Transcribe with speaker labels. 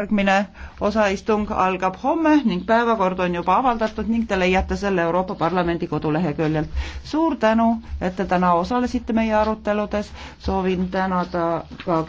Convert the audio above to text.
Speaker 1: järgmine osaistung algab homme ning päevakord on juba avaldatud ning te leiate selle Euroopa Parlamendi koduleheküljelt. suur tänu, et te täna osalesite meie aruteludes,
Speaker 2: soovin tänada ka